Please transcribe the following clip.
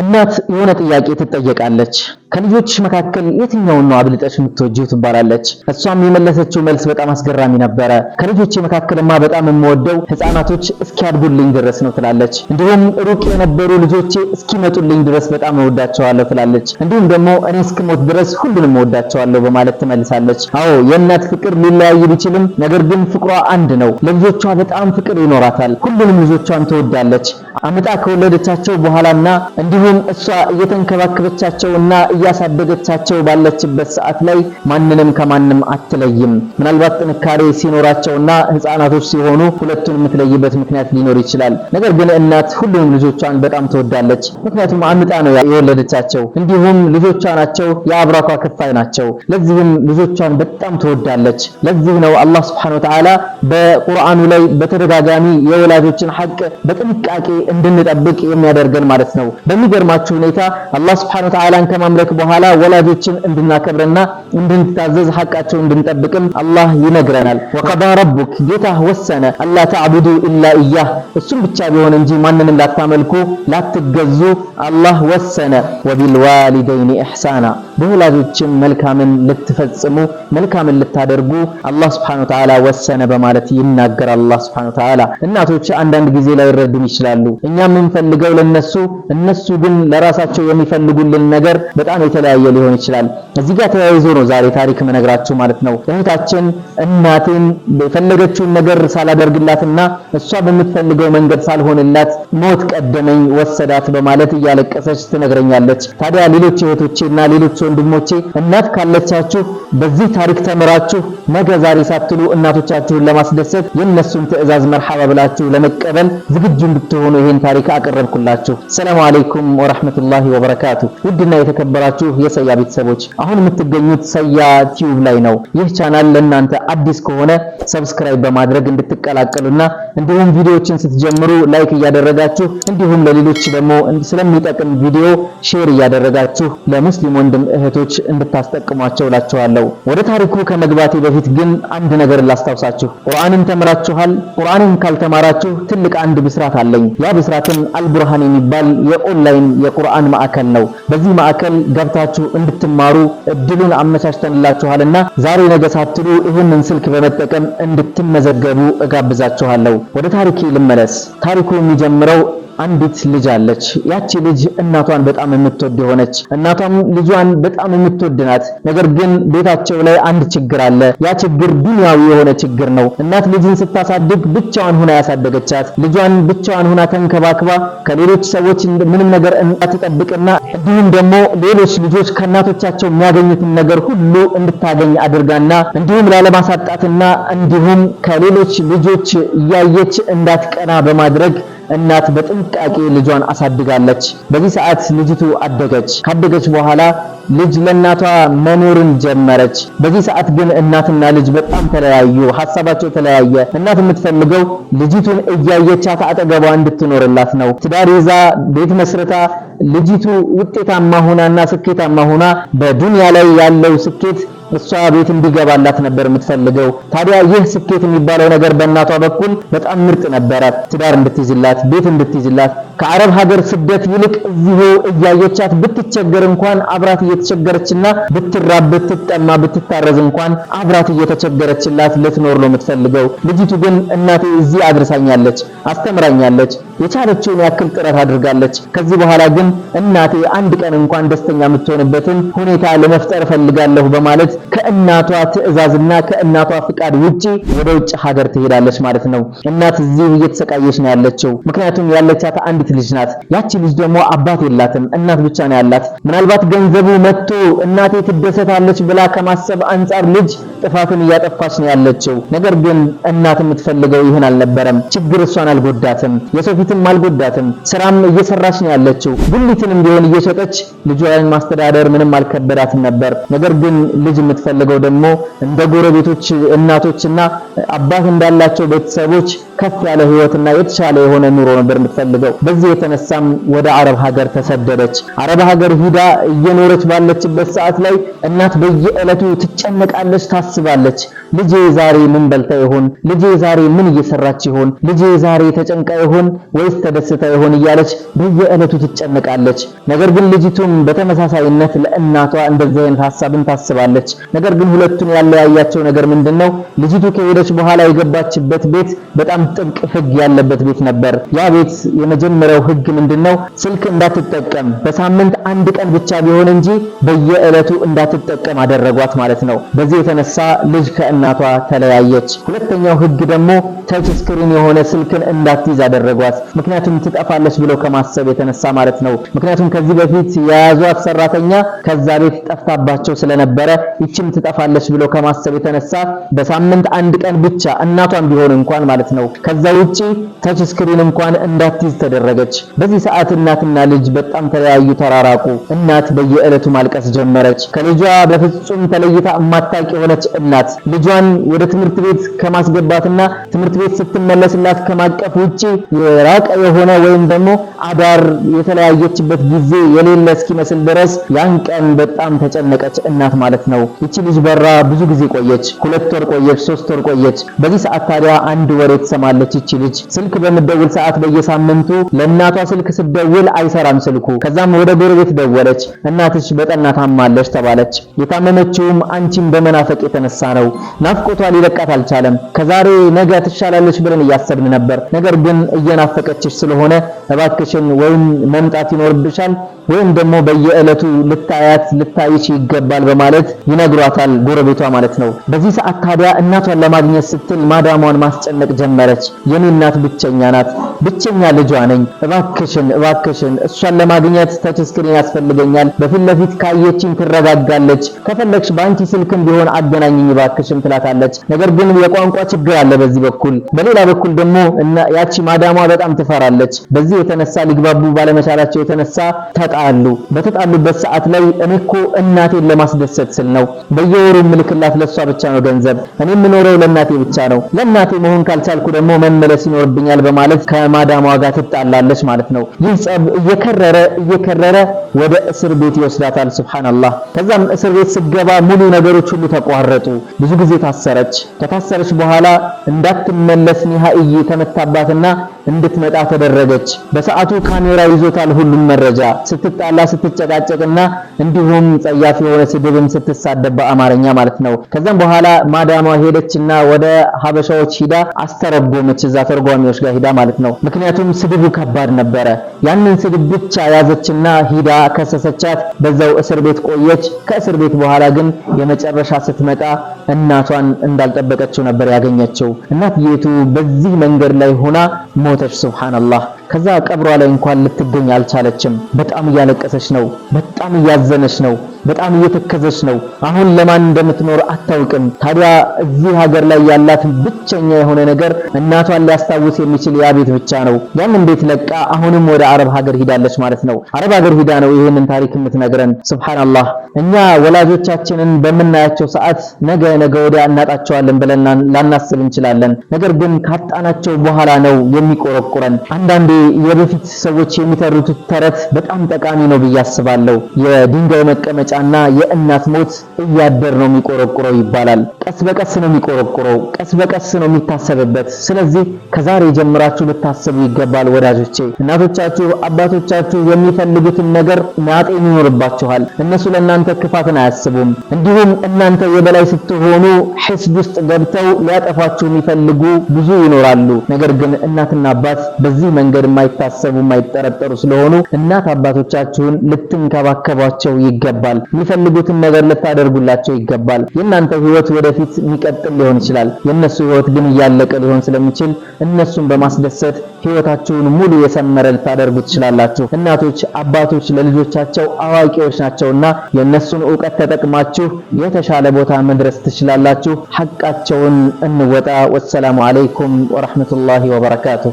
እናት የሆነ ጥያቄ ትጠየቃለች። ከልጆች መካከል የትኛውን ነው አብልጠሽ የምትወጂው ትባላለች። እሷም የመለሰችው መልስ በጣም አስገራሚ ነበረ። ከልጆች መካከልማ በጣም የምወደው ህፃናቶች እስኪያድጉልኝ ድረስ ነው ትላለች። እንዲሁም ሩቅ የነበሩ ልጆቼ እስኪመጡልኝ ድረስ በጣም እወዳቸዋለሁ ትላለች። እንዲሁም ደግሞ እኔ እስክሞት ድረስ ሁሉንም እወዳቸዋለሁ በማለት ትመልሳለች። አዎ የእናት ፍቅር ሊለያይ ቢችልም፣ ነገር ግን ፍቅሯ አንድ ነው። ለልጆቿ በጣም ፍቅር ይኖራታል። ሁሉንም ልጆቿን ትወዳለች። አምጣ ከወለደቻቸው በኋላና እንዲሁም እሷ እየተንከባከበቻቸውና እያሳደገቻቸው ባለችበት ሰዓት ላይ ማንንም ከማንም አትለይም። ምናልባት ጥንካሬ ሲኖራቸውና ህፃናቶች ሲሆኑ ሁለቱን የምትለይበት ምክንያት ሊኖር ይችላል። ነገር ግን እናት ሁሉንም ልጆቿን በጣም ትወዳለች። ምክንያቱም አምጣ ነው የወለደቻቸው፣ እንዲሁም ልጆቿ ናቸው የአብራኳ ክፋይ ናቸው። ለዚህም ልጆቿን በጣም ትወዳለች። ለዚህ ነው አላህ Subhanahu Wa በቁርአኑ ላይ በተደጋጋሚ የወላጆችን ሐቅ በጥንቃቄ እንድንጠብቅ የሚያደርገን ማለት ነው። በሚገርማችሁ ሁኔታ አላህ Subhanahu Wa ከማምለክ ከመላክ በኋላ ወላጆችን እንድናከብርና እንድንታዘዝ ሐቃቸው እንድንጠብቅም አላህ ይነግረናል። ወቀዳ ረቡክ ጌታህ ወሰነ አላ ተዕቡዱ ኢላ ኢያህ እሱም ብቻ ቢሆን እንጂ ማንንም ላታመልኩ ላትገዙ አላህ ወሰነ። ወቢልዋሊደይን ኢሕሳና በወላጆችም መልካምን ልትፈጽሙ መልካምን ልታደርጉ አላህ ስብሓነሁ ወተዓላ ወሰነ በማለት ይናገራል። አላህ ስብሓነሁ ወተዓላ እናቶች አንዳንድ ጊዜ ላይረዱን ይችላሉ። እኛ የምንፈልገው ለነሱ እነሱ ግን ለራሳቸው የሚፈልጉልን ነገር በጣም ጣዕም የተለያየ ሊሆን ይችላል። እዚህ ጋር ተያይዞ ነው ዛሬ ታሪክ መነግራችሁ ማለት ነው። እህታችን እናቴን የፈለገችውን ነገር ሳላደርግላትና እሷ በምትፈልገው መንገድ ሳልሆንላት ሞት ቀደመኝ ወሰዳት በማለት እያለቀሰች ትነግረኛለች። ታዲያ ሌሎች እና ሌሎች ወንድሞቼ እናት ካለቻችሁ በዚህ ታሪክ ተምራችሁ ነገ ዛሬ ሳትሉ እናቶቻችሁን ለማስደሰት የነሱን ትዕዛዝ መርሐባ ብላችሁ ለመቀበል ዝግጁ እንድትሆኑ ይሄን ታሪክ አቀረብኩላችሁ። ሰላም አለይኩም ወራህመቱላሂ ወበረካቱ ውድና የተከበራ የተከበራችሁ የሰያ ቤተሰቦች አሁን የምትገኙት ሰያ ቲዩብ ላይ ነው። ይህ ቻናል ለእናንተ አዲስ ከሆነ ሰብስክራይብ በማድረግ እንድትቀላቀሉና እንዲሁም ቪዲዮዎችን ስትጀምሩ ላይክ እያደረጋችሁ እንዲሁም ለሌሎች ደግሞ ስለሚጠቅም ቪዲዮ ሼር እያደረጋችሁ ለሙስሊም ወንድም እህቶች እንድታስጠቅሟቸው ላችኋለሁ። ወደ ታሪኩ ከመግባቴ በፊት ግን አንድ ነገር ላስታውሳችሁ። ቁርአንን ተምራችኋል። ቁርአንን ካልተማራችሁ ትልቅ አንድ ብስራት አለኝ። ያ ብስራትም አልቡርሃን የሚባል የኦንላይን የቁርአን ማዕከል ነው። በዚህ ማዕከል ገብታችሁ እንድትማሩ እድሉን አመቻችተንላችኋልና ዛሬ ነገ ሳትሉ ይህንን ስልክ በመጠቀም እንድትመዘገቡ እጋብዛችኋለሁ። ወደ ታሪኬ ልመለስ። ታሪኩ የሚጀምረው አንዲት ልጅ አለች። ያቺ ልጅ እናቷን በጣም የምትወድ የሆነች እናቷም ልጇን በጣም የምትወድ ናት። ነገር ግን ቤታቸው ላይ አንድ ችግር አለ። ያ ችግር ዱንያዊ የሆነ ችግር ነው። እናት ልጅን ስታሳድግ ብቻዋን ሆና ያሳደገቻት ልጇን ብቻዋን ሆና ተንከባክባ ከሌሎች ሰዎች ምንም ነገር እንዳትጠብቅና እንዲሁም ደግሞ ሌሎች ልጆች ከእናቶቻቸው የሚያገኙትን ነገር ሁሉ እንድታገኝ አድርጋና እንዲሁም ላለማሳጣትና እንዲሁም ከሌሎች ልጆች እያየች እንዳትቀና በማድረግ እናት በጥንቃቄ ልጇን አሳድጋለች። በዚህ ሰዓት ልጅቱ አደገች። ካደገች በኋላ ልጅ ለእናቷ መኖርን ጀመረች። በዚህ ሰዓት ግን እናትና ልጅ በጣም ተለያዩ፣ ሀሳባቸው ተለያየ። እናት የምትፈልገው ልጅቱን እያየቻት አጠገቧ እንድትኖርላት ነው። ትዳር ይዛ ቤት መስረታ ልጅቱ ውጤታማ ሆናና ስኬታማ ሆና በዱንያ ላይ ያለው ስኬት እሷ ቤት እንዲገባላት ነበር የምትፈልገው። ታዲያ ይህ ስኬት የሚባለው ነገር በእናቷ በኩል በጣም ምርጥ ነበረ። ትዳር እንድትይዝላት፣ ቤት እንድትይዝላት ከአረብ ሀገር ስደት ይልቅ እዚሁ እያየቻት ብትቸገር እንኳን አብራት እየተቸገረችና ብትራብ ብትጠማ ብትታረዝ እንኳን አብራት እየተቸገረችላት ልትኖር ነው የምትፈልገው። ልጅቱ ግን እናቴ እዚህ አድርሳኛለች፣ አስተምራኛለች፣ የቻለችውን ያክል ጥረት አድርጋለች። ከዚህ በኋላ ግን እናቴ አንድ ቀን እንኳን ደስተኛ የምትሆንበትን ሁኔታ ለመፍጠር እፈልጋለሁ በማለት ከእናቷ ትዕዛዝና ከእናቷ ፍቃድ ውጪ ወደ ውጭ ሀገር ትሄዳለች ማለት ነው። እናት እዚህ እየተሰቃየች ነው ያለችው። ምክንያቱም ያለቻት አንድ አንዲት ልጅ ናት። ያቺ ልጅ ደግሞ አባት የላትም፣ እናት ብቻ ነው ያላት። ምናልባት ገንዘቡ መጥቶ እናቴ ትደሰታለች ብላ ከማሰብ አንጻር ልጅ ጥፋትን እያጠፋች ነው ያለችው። ነገር ግን እናት የምትፈልገው ይህን አልነበረም። ችግር እሷን አልጎዳትም፣ የሰው ፊትም አልጎዳትም። ስራም እየሰራች ነው ያለችው። ጉሊትንም ቢሆን እየሸጠች ልጇን ማስተዳደር ምንም አልከበዳትም ነበር። ነገር ግን ልጅ የምትፈልገው ደግሞ እንደ ጎረቤቶች እናቶችና አባት እንዳላቸው ቤተሰቦች ከፍ ያለ ህይወትና የተሻለ የሆነ ኑሮ ነበር የምትፈልገው። ከዚህ የተነሳም ወደ አረብ ሀገር ተሰደደች። አረብ ሀገር ሂዳ እየኖረች ባለችበት ሰዓት ላይ እናት በየዕለቱ ትጨነቃለች፣ ታስባለች። ልጄ ዛሬ ምን በልታ ይሆን? ልጄ ዛሬ ምን እየሰራች ይሆን? ልጄ ዛሬ ተጨንቃ ይሆን ወይስ ተደስታ ይሆን? እያለች በየዕለቱ ትጨነቃለች። ነገር ግን ልጅቱም በተመሳሳይነት ለእናቷ እንደዚህ አይነት ሐሳብን ታስባለች። ነገር ግን ሁለቱን ያለያያቸው ነገር ምንድነው? ልጅቱ ከሄደች በኋላ የገባችበት ቤት በጣም ጥብቅ ሕግ ያለበት ቤት ነበር። ያ ቤት የመጀመ የመጀመሪያው ህግ ምንድነው? ስልክ እንዳትጠቀም በሳምንት አንድ ቀን ብቻ ቢሆን እንጂ በየዕለቱ እንዳትጠቀም አደረጓት ማለት ነው። በዚህ የተነሳ ልጅ ከእናቷ ተለያየች። ሁለተኛው ህግ ደግሞ ተች ስክሪን የሆነ ስልክን እንዳትይዝ አደረጓት። ምክንያቱም ትጠፋለች ብሎ ከማሰብ የተነሳ ማለት ነው። ምክንያቱም ከዚህ በፊት የያዟት ሰራተኛ ከዛ ቤት ጠፍታባቸው ስለነበረ ይችም ትጠፋለች ብሎ ከማሰብ የተነሳ በሳምንት አንድ ቀን ብቻ እናቷን ቢሆን እንኳን ማለት ነው ከዛ ውጪ ተች ስክሪን እንኳን እንዳትይዝ ተደረገ። አደረገች። በዚህ ሰዓት እናትና ልጅ በጣም ተለያዩ፣ ተራራቁ። እናት በየዕለቱ ማልቀስ ጀመረች። ከልጇ በፍጹም ተለይታ ማታቂ የሆነች እናት ልጇን ወደ ትምህርት ቤት ከማስገባትና ትምህርት ቤት ስትመለስላት ከማቀፍ ውጪ የራቀ የሆነ ወይም ደግሞ አዳር የተለያየችበት ጊዜ የሌለ እስኪመስል ድረስ ያን ቀን በጣም ተጨነቀች እናት ማለት ነው። ይቺ ልጅ በራ ብዙ ጊዜ ቆየች። ሁለት ወር ቆየች፣ ሶስት ወር ቆየች። በዚህ ሰዓት ታዲያ አንድ ወሬ ትሰማለች። ይቺ ልጅ ስልክ በምደውል ሰዓት በየሳምንቱ ለእናቷ ስልክ ስደውል አይሰራም ስልኩ። ከዛም ወደ ጎረቤት ደወለች። እናትሽ በጠና ታማለች ተባለች። የታመመችውም አንቺም በመናፈቅ የተነሳ ነው። ናፍቆቷ ሊለቃት አልቻለም። ከዛሬ ነገ ትሻላለች ብለን እያሰብን ነበር። ነገር ግን እየናፈቀችሽ ስለሆነ እባክሽን ወይም መምጣት ይኖርብሻል ወይም ደግሞ በየዕለቱ ልታያት ልታይች ይገባል በማለት ይነግሯታል፣ ጎረቤቷ ማለት ነው። በዚህ ሰዓት ታዲያ እናቷን ለማግኘት ስትል ማዳሟን ማስጨነቅ ጀመረች። የኔ እናት ብቸኛ ናት፣ ብቸኛ ልጇ ነኝ፣ እባክሽን እባክሽን እሷን ለማግኘት ተችስክሪን ስክሪን ያስፈልገኛል። በፊት ለፊት ካየችኝ ትረጋጋለች። ከፈለግሽ በአንቺ ስልክም ቢሆን አገናኝኝ እባክሽን ትላታለች። ነገር ግን የቋንቋ ችግር አለ በዚህ በኩል። በሌላ በኩል ደግሞ እና ያቺ ማዳሟ በጣም ትፈራለች። በዚህ የተነሳ ሊግባቡ ባለመቻላቸው የተነሳ ተጣሉ። በተጣሉበት ሰዓት ላይ እኔ እኮ እናቴን ለማስደሰት ስል ነው በየወሩ ምልክላት ለሷ ብቻ ነው ገንዘብ። እኔ የምኖረው ለእናቴ ብቻ ነው። ለእናቴ መሆን ካልቻልኩ ደግሞ መመለስ ይኖርብኛል በማለት ከማዳሟ ጋር ትጣላ ትላለች ማለት ነው። ይህ ጸብ እየከረረ እየከረረ ወደ እስር ቤት ይወስዳታል። ሱብሃንአላህ። ከዛም እስር ቤት ስገባ ሙሉ ነገሮች ሁሉ ተቋረጡ። ብዙ ጊዜ ታሰረች። ከታሰረች በኋላ እንዳትመለስ ኒሃይ ተመታባትና እንድትመጣ ተደረገች። በሰዓቱ ካሜራ ይዞታል ሁሉም መረጃ። ስትጣላ ስትጨቃጨቅና እንዲሁም ጸያፍ የሆነ ስድብም ስትሳደብ በአማርኛ ማለት ነው። ከዛም በኋላ ማዳሟ ሄደችና ወደ ሀበሻዎች ሂዳ አስተረጎመች፣ እዛ ተርጓሚዎች ጋር ሂዳ ማለት ነው። ምክንያቱም ስድቡ ከባድ ነበረ። ያንን ስድብ ብቻ ያዘችና ሂዳ ከሰሰቻት። በዛው እስር ቤት ቆየች። ከእስር ቤት በኋላ ግን የመጨረሻ ስትመጣ እናቷን እንዳልጠበቀችው ነበር ያገኘችው። እናትየቱ በዚህ መንገድ ላይ ሆና ሞተች። ሱብሃንአላህ ከዛ ቀብሯ ላይ እንኳን ልትገኝ አልቻለችም። በጣም እያለቀሰች ነው። በጣም እያዘነች ነው። በጣም እየተከዘች ነው። አሁን ለማን እንደምትኖር አታውቅም። ታዲያ እዚህ ሀገር ላይ ያላት ብቸኛ የሆነ ነገር እናቷን ሊያስታውስ የሚችል ያ ቤት ብቻ ነው። ያን እንዴት ለቃ አሁንም ወደ አረብ ሀገር ሂዳለች ማለት ነው። አረብ ሀገር ሂዳ ነው ይህንን ታሪክ የምትነግረን። ሱብሃንአላህ እኛ ወላጆቻችንን በምናያቸው ሰዓት ነገ ነገ ወዲያ እናጣቸዋለን ብለን ላናስብ እንችላለን። ነገር ግን ካጣናቸው በኋላ ነው የሚቆረቁረን አንዳንዴ የበፊት ሰዎች የሚተሩት ተረት በጣም ጠቃሚ ነው ብዬ አስባለሁ። የድንጋይ መቀመጫና የእናት ሞት እያደር ነው የሚቆረቁረው ይባላል። ቀስ በቀስ ነው የሚቆረቁረው፣ ቀስ በቀስ ነው የሚታሰብበት። ስለዚህ ከዛሬ ጀምራችሁ ልታስቡ ይገባል ወዳጆቼ። እናቶቻችሁ፣ አባቶቻችሁ የሚፈልጉትን ነገር ማጤን ይኖርባችኋል። እነሱ ለእናንተ ክፋትን አያስቡም። እንዲሁም እናንተ የበላይ ስትሆኑ ሒስብ ውስጥ ገብተው ሊያጠፋችሁ የሚፈልጉ ብዙ ይኖራሉ። ነገር ግን እናትና አባት በዚህ መንገድ ነገር የማይታሰቡ የማይጠረጠሩ ስለሆኑ እናት አባቶቻችሁን ልትንከባከቧቸው ይገባል። የሚፈልጉትን ነገር ልታደርጉላቸው ይገባል። የእናንተ ህይወት ወደፊት የሚቀጥል ሊሆን ይችላል። የእነሱ ህይወት ግን እያለቀ ሊሆን ስለሚችል እነሱን በማስደሰት ህይወታችሁን ሙሉ የሰመረ ልታደርጉ ትችላላችሁ። እናቶች፣ አባቶች ለልጆቻቸው አዋቂዎች ናቸውና የእነሱን እውቀት ተጠቅማችሁ የተሻለ ቦታ መድረስ ትችላላችሁ። ሐቃቸውን እንወጣ። ወሰላሙ አለይኩም ወራህመቱላሂ ወበረካቱ።